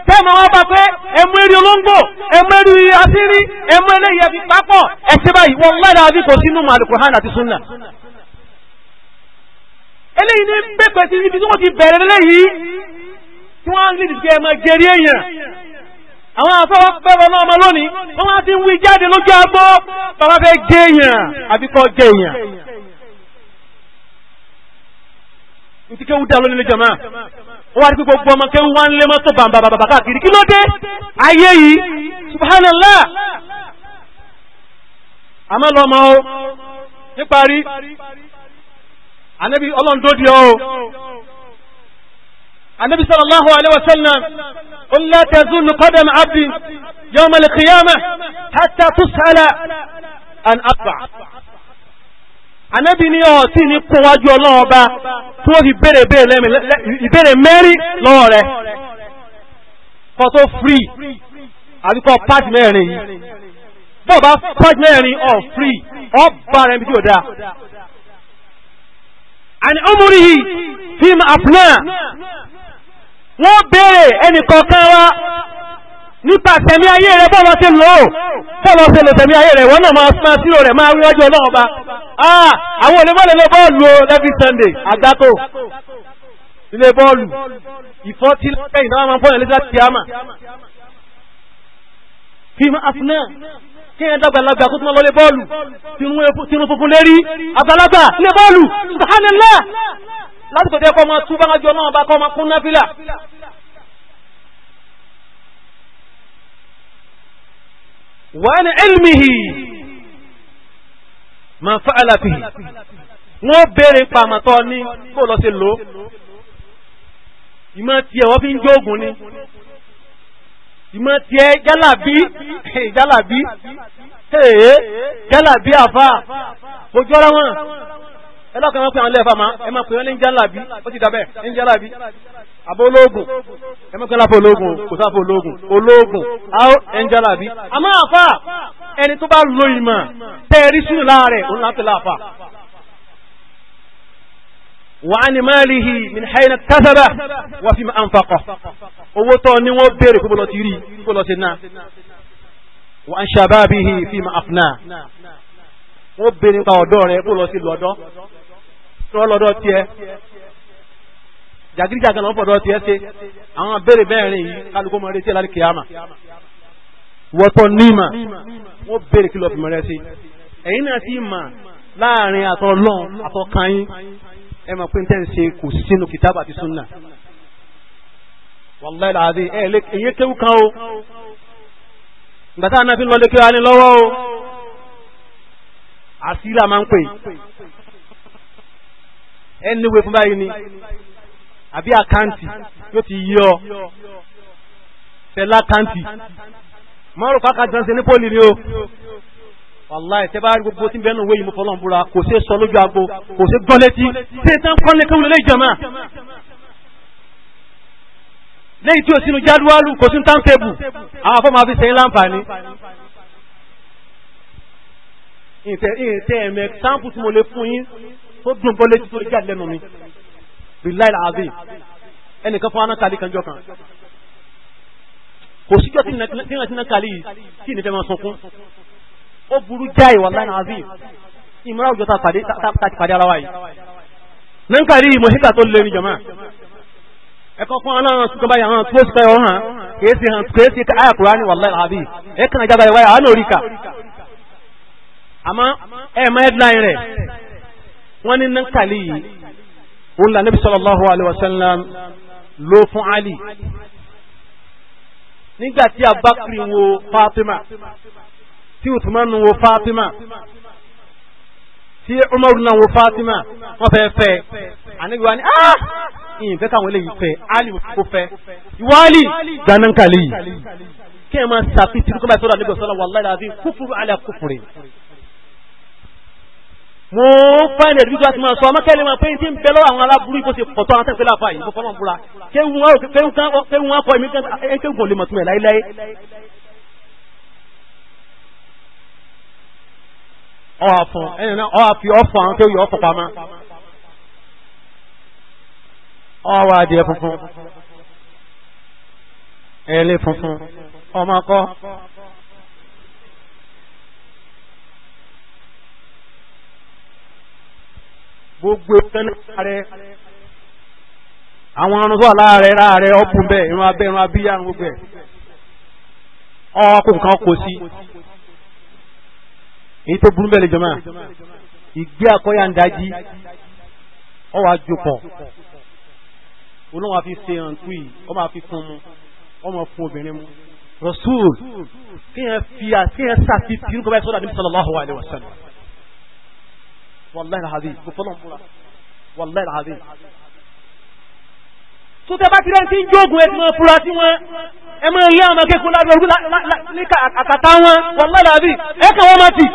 Speaker 1: tẹ́ ma wá bá pé ẹmú eré olóńgbò ẹmú eré asírí ẹmú eléyìí ẹbí báyìí lára bí kò àti eléyìí ní pépè sí ibi tí ti tí á ń lè ẹmọ èèyàn àwọn ọmọ lónìí á ti ń wí jáde lójú agbó bàbá ti kéwú ni lónìí jama ó wá rí pé gbogbo ọmọ kéwú wá ń lé mọ́tò bàbà bàbà káàkiri kí ló dé ayé yìí subhanallah àmọ́ lọ́mọ o wa ri pe gbogbo omo kewu wa n le ba ba baba kaakiri ki lo de aye yi subhanallah amo ma o ni pari anabi olon do di ọ́ anabi sallallahu alaihi wasallam qul la tazul qadam abdi yawm al-qiyamah hatta tus'ala an arba' ànábì ní ọ̀tí ní kún wájú ọlọ́run ọba tí wọ́n fi béèrè ìbéèrè mẹ́rin lọ́wọ́ rẹ̀ kọ́ tó free àbí kọ́ pàtì mẹ́rin yìí bọ́ọ̀ bá pàtì mẹ́rin ọ̀ free ọ̀ bá rẹ̀ bí tí ò dáa àni ọmọrìhì fíìmù àpùnà wọ́n béèrè ẹnì kọ̀ọ̀kan nípa tẹ̀mí ayé rẹ̀ bọ́wọ́ ti lò ó tẹ́lọ ṣe lò tẹ̀mí ayé rẹ̀ wọ́n náà máa sí rẹ̀ máa rí ọjọ́ náà bá àwọn olèmọ́lẹ̀ lọ bọ́ọ̀lù lẹ́bí Sunday àgbákò ilé bọ́ọ̀lù ìfọ́ tí lẹ́yìn náà máa fọ́nà lẹ́sà tí a mà fi máa fún náà kí ẹ dàgbàlagbà kó tún lọ lé bọ́ọ̀lù tinú funfun lérí àgbàlagbà lé bọ́ọ̀lù subhanallah lásìkò tẹ́ kọ́ máa tú bá wà ní ilmihi ma fa'ala fi wọ́n bèèrè pàmàtọ́ ní kó lọ sí lò ìmọ̀ tí ẹ̀wọ́ fi ń jóògùn ni ìmọ̀ tí ẹ jálàbí [laughs] jálàbí ẹ̀ẹ́ jálàbí àfà ojú ọ̀rọ̀ wọn ẹlọ́kàn wọn pè àwọn ilé ẹ̀fà máa ẹ máa pè wọn ní jálàbí ó ti dàbẹ̀ ní jálàbí àbọ̀ ológun ẹ mọ́ kẹ́lá fún ológun kò sáfún ológun ológun áó ẹnjẹ́lá bí a máa fà ẹni tó bá lo ìmọ̀ tẹ́ẹ̀rí sínú láàrẹ̀ òun láti láàfà wà á ní máàlìhì min hayna kásábà wà fi máa ń fakọ̀ owó ni wọ́n béèrè kó bọ́lọ́ ti rí kó lọ́ ti ná wà á ń ṣàbábìhì fi máa afná wọ́n béèrè nípa ọ̀dọ́ rẹ̀ kó lọ́ sí lọ́dọ́ tọ́ lọ́dọ́ tiẹ̀ jàgídíjà gan lọ́wọ́ pọ̀dọ̀ se, ṣe àwọn béèrè bẹ́ẹ̀rin yìí kálukú mọ̀ retí ẹ̀lárí kìámà wọ́tọ̀ níma wọ́n béèrè kí lọ́ọ̀fì mọ̀rẹ́ ṣe ẹ̀yin náà ti mà láàrin àtọ̀lọ́n àtọ̀kanyín ẹ mọ̀ pé ń tẹ́ǹ ṣe kò sí sínú kìtàbù àti súnà wàláì làádé ẹ̀ lé èyí kéwù kan o gbàtà náà fi ń lọlé kéwà ní lọ́wọ́ o àṣírí máa ń pè ẹni wé fún báyìí ni àbí àkáǹtì yóò ti yí ọ tẹ̀lá àkáǹtì márùn káka jọ́nsẹ̀ ní pọ́lì ni ó wàláì tẹ́ bá rí gbogbo tí bẹ́ẹ̀ nù wéyìí mo fọlọ́n búra kò ṣe sọ lójú agbo kò ṣe gbọ́n létí tẹ́ tán kọ́ lé kéwìlẹ́ lẹ́yìn jọ̀mọ́ lẹ́yìn tí o sínú jádúwálù kò sínú táǹtẹ́bù àwọn afọ́ máa fi sẹ́yìn láǹfààní ìtẹ̀ ẹ̀mẹ̀ sáǹpù tí mo lè fún yín tó dùn gbọ́n létí tó jáde lẹ́nu mi bilayi azi ẹnìkan fún aná kàlí kanjọ kan kò síjọ́ tí nìkan tí nìkan kàlí tí nìfẹ́ máa sunkún ó burú jáì wallahi azi ìmúra òjò ta pàdé ta ti pàdé ara wa yìí nǹkan rí mọ̀síkà tó lé ní jama ẹ̀kọ́ fún aláwọn sùkọ́ báyìí àwọn tó sùkọ́ yọ̀ hàn kìí sí hàn kìí sí àyà Kùránì wallahi azi ẹ̀kan àjábá ìwáyà á lórí kà àmọ́ ẹ̀ máa headline rẹ̀ wọ́n ní nǹkan kàlí yìí ó ń la níbi sallallahu alaihi wasallam ló fún Ali nígbà tí Abakri wo Fatima tí Uthman wo Fatima tí Umar náà wo Fatima wọ́n fẹ́ fẹ́ àníbi wa ni ah ìyìn fẹ́ káwọn eléyìí fẹ́ Ali kò fẹ́ ìwọ Ali ganankali yìí kí ẹ máa ṣàfihàn tí kò bá sọ̀rọ̀ àníbi sallallahu alaihi wasallam wàlláhi àti kúfùrù alẹ́ kúfùrù mo fáìn ẹ̀dùn tó a ti máa sọ ọmọkẹ́lẹ́ máa pé tí ń bẹ lọ́wọ́ àwọn aláburú kó ṣe pọ̀tọ́ àwọn tẹ́sílẹ̀ àfáà yìí fọlọ́n búra kéwù wọn kọ́ ẹ̀mí kéwù lè mọ̀tún ẹ̀ láíláí. ọ̀fun ẹ̀yìn náà ọ̀ fi ọ̀fun àwọn kéwù yọ̀ ọ̀fun pamọ́ ọ̀wà adìẹ funfun ẹ̀lẹ́ funfun ọmọ kọ́ gbogbo ìtẹ́lẹ̀ rẹ̀ àwọn arun tó wà láàrẹ̀ láàrẹ̀ ọ̀pùn bẹ́ẹ̀ irun abẹ́ irun abíyá irun gbogbo ẹ̀ ọkùn kan kò sí èyí tó burú bẹ́ẹ̀ lè jọmọ́ ìgbé àkọ́yà ń dají ọwọ́ àjòpọ̀ olóhùn àfi ṣe àǹtú yìí ọmọ àfi fún mu ọmọ fún obìnrin mu rasul kí yẹn fi àti yẹn sàfi fi nǹkan báyìí sọ́dọ̀ àdìmí sallallahu alaihi wasallam والله làbí kò fọlọ́n والله wàláì làbí. tó tẹ́ bá ti rẹ́ni tí ń jógun ẹ̀ mọ́ fura sí wọn ẹ mọ́ ilé ọmọ kékun lábẹ́ orúkú níka àkàtà wọn wàláì làbí ẹ kàn wọ́n máa tì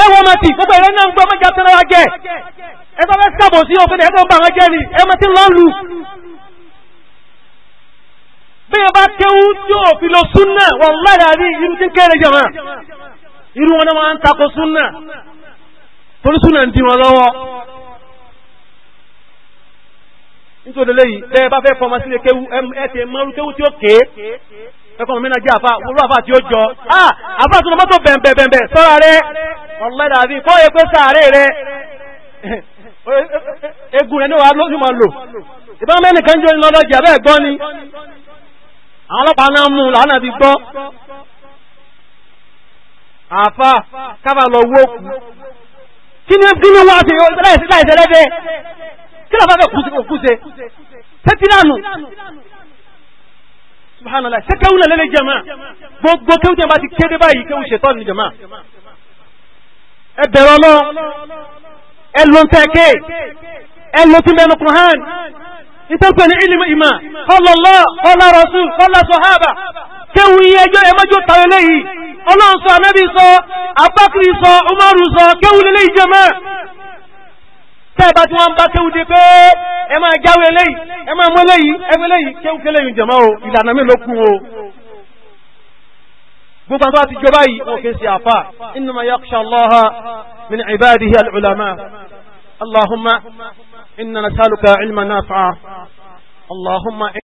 Speaker 1: ẹ wọ́n máa tì gbogbo ìrẹ́ náà ń gbọ́ mẹ́jà tẹ́lẹ̀ wá jẹ́ ẹ bá fẹ́ sábò sí òfin ẹ̀ tó bá wọn jẹ́ ni ẹ mọ́ ti lọ́ọ́ lu bí ọba kéwú tí ó lọ súnà wọ́n lára irú tí kéré jẹ́ wọn irú wọn náà wọ́n ń takò súnà torí súnà ń di wọn lọ́wọ́ nítorí léyìí bẹ́ẹ̀ bá fẹ́ fọmọ sílé kéwu ẹ ti mọ irú kéwu tí ó kéé ẹkùn mi náà jẹ́ àfa wúlò àfa tí ó jọ ah àfa tó lọ mọ́tò bẹ̀m̀bẹ̀m̀bẹ̀ sọ́ra rẹ ọ̀lẹ́dà àbí kọ́ èpè sàárè rẹ [laughs] egun rẹ ní wàá lójú máa lò ìbọn mẹ́rin kan jó lọ́dọ̀ jẹ́ bẹ́ẹ̀ gbọ́ ni àwọn ọlọ́pàá náà mú làánà ti gbọ́ àfa kábà lọ wó kú kí ni gíní wọ́n ṣe láìsẹ̀ lẹ́fẹ́ kí lọ́fà fẹ́ kúse sẹ́tìlánù subhanallah sẹ́kẹ́wù náà lẹ́lẹ́ jẹ́mà gbogbo kéwù jẹ́ bá ti kéde báyìí kéwù ṣètọ́ ní jẹ́mà ẹ bẹ̀rẹ̀ ọlọ́ ẹ ló ń tẹ́kẹ́ ẹ ló ti mẹ́nu kùn hàn ní ìlú ìmà qala Allah qala Rasul tẹ́wù iye ẹjọ́ ẹ mọ́jú tàwọn eléyìí ọlọ́run sọ anábì sọ abákiri sọ umaru sọ kéwù lélẹ́yìí jẹ́ mọ́ tẹ́ ẹ bá tí wọ́n ń bá kéwù dé pé ẹ máa jáwé eléyìí ẹ máa mú eléyìí ẹ mú eléyìí kéwù kéléyìí jẹ́ mọ́ o ìlànà mi ló kún o gbogbo àwọn àti jọba yìí wọn kì í ṣe àfà innama yakhsha Allaha min ibadihi al-ulama Allahumma inna nas'aluka ilman nafi'a Allahumma